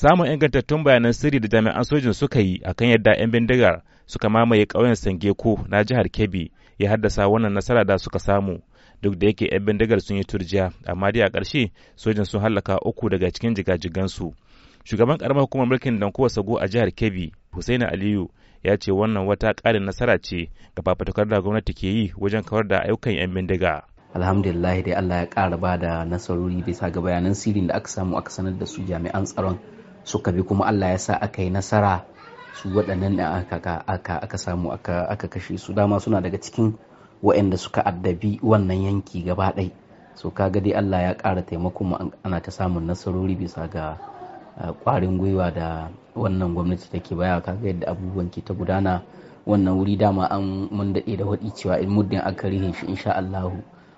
samun ingantattun bayanan sirri da jami'an sojin suka yi a kan yadda 'yan bindigar suka mamaye ƙauyen sangeko na jihar kebbi ya haddasa wannan nasara da suka samu duk da yake 'yan bindigar sun yi turjiya amma dai a ƙarshe sojin sun hallaka uku daga cikin jigajigansu shugaban karamar hukumar mulkin dankuwa sago a jihar kebbi husaini aliyu ya ce wannan wata ƙarin nasara ce ga fafatukar da gwamnati ke yi wajen kawar da ayyukan 'yan bindiga alhamdulillah dai allah ya ƙara ba da nasarori bisa ga bayanan sirrin da aka samu aka sanar da su jami'an tsaron suka bi kuma Allah ya sa aka yi nasara su waɗannan da aka samu aka kashe su dama suna daga cikin waɗanda suka addabi wannan yanki gaba ɗai so kaga dai Allah ya ƙara taimako ana ta samun nasarori bisa ga ƙwarin gwiwa da wannan gwamnati take baya kaga yadda abubuwan ke ta gudana wannan wuri dama an mun daɗe da waɗi cewa in muddin aka rihe shi insha Allah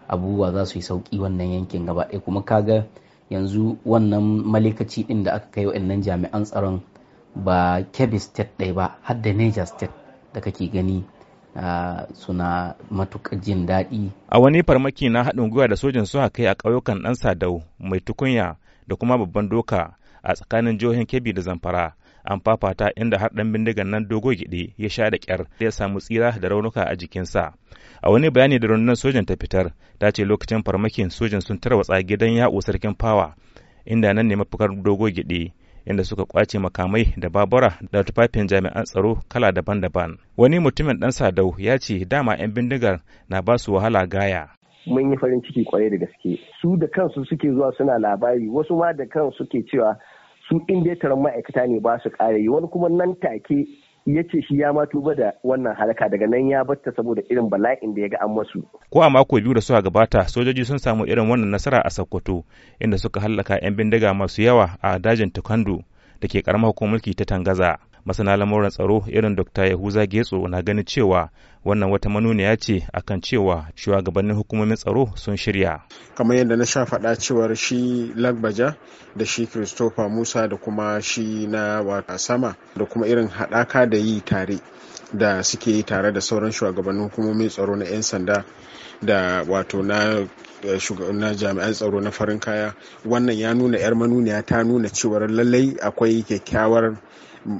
abubuwa za su yi sauƙi wannan yankin gaba ɗaya kuma kaga yanzu wannan malikaci ɗin da aka kai wa'annan jami'an tsaron ba kebbi state ɗaya ba har da niger state da kake gani ah, suna matuƙa jin daɗi. A wani farmaki na haɗin gwiwa da sojin suka kai a ƙauyukan ɗan sadau mai tukunya da kuma babban doka a tsakanin jihohin kebbi da zamfara an fafata inda har dan bindigan nan dogo gide ya sha da kyar ya samu tsira da raunuka a jikinsa a wani bayani da rundunar sojan ta fitar ta ce lokacin farmakin sojan sun tarwatsa gidan yaƙo sarkin fawa inda nan ne mafakar dogo gide inda suka kwace makamai da babura da tufafin jami'an tsaro kala daban-daban wani mutumin dan sadau ya ce dama 'yan bindigar na ba su wahala gaya mun yi farin ciki kwarai da gaske su da kansu suke zuwa suna labari wasu ma da kansu suke cewa su in dai taron ma'aikata ne ba su ƙara yi wani kuma nan take ya ce shi ya ma tuba da wannan halaka daga nan ya batta saboda irin bala'in da ya ga an masu. Ko a mako biyu da suka gabata sojoji sun samu irin wannan nasara a Sokoto inda suka hallaka 'yan bindiga masu yawa a dajin Tukandu da ke karamar hukumar mulki ta Tangaza. masana lamuran tsaro irin dr yahuza getso na ganin cewa wannan wata manuniya ce akan cewa shugabannin hukumomin tsaro sun shirya kamar yadda na sha faɗa cewar shi lagbaja da shi christopher musa da kuma shi na wata sama da kuma irin haɗaka da yi tare da suke yi tare da sauran shugabannin hukumomin tsaro na 'yan sanda da wato na Eh, na jami'an tsaro na farin kaya wannan ya nuna 'yar manuniya ta nuna cewar lallai akwai kyakkyawar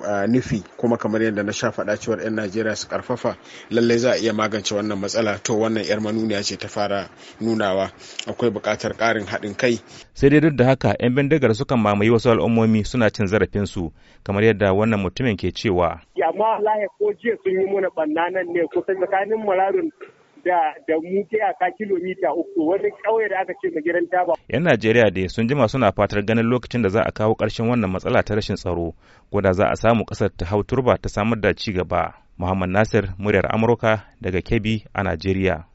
eh, nufi kuma kamar yadda na sha faɗa cewar 'yan najeriya su karfafa lallai za a iya magance wannan matsala to wannan 'yar manuniya ce ta fara nunawa akwai buƙatar ƙarin haɗin kai sai dai duk da haka 'yan bindigar suka mamaye wasu al'ummomi suna cin zarafinsu kamar yadda wannan mutumin ke cewa amma wallahi ko jiya sun yi muna banna nan ne kusan tsakanin mararin da da mu ke yaka kilomita uku wani ƙauye da aka ce magiran taba. Yan Najeriya da sun jima suna fatar ganin lokacin da za a kawo ƙarshen wannan matsala ta rashin tsaro ko da za a samu ƙasar ta hau turba ta samar da ci gaba. Muhammad Nasir, muryar Amurka daga Kebbi a Najeriya.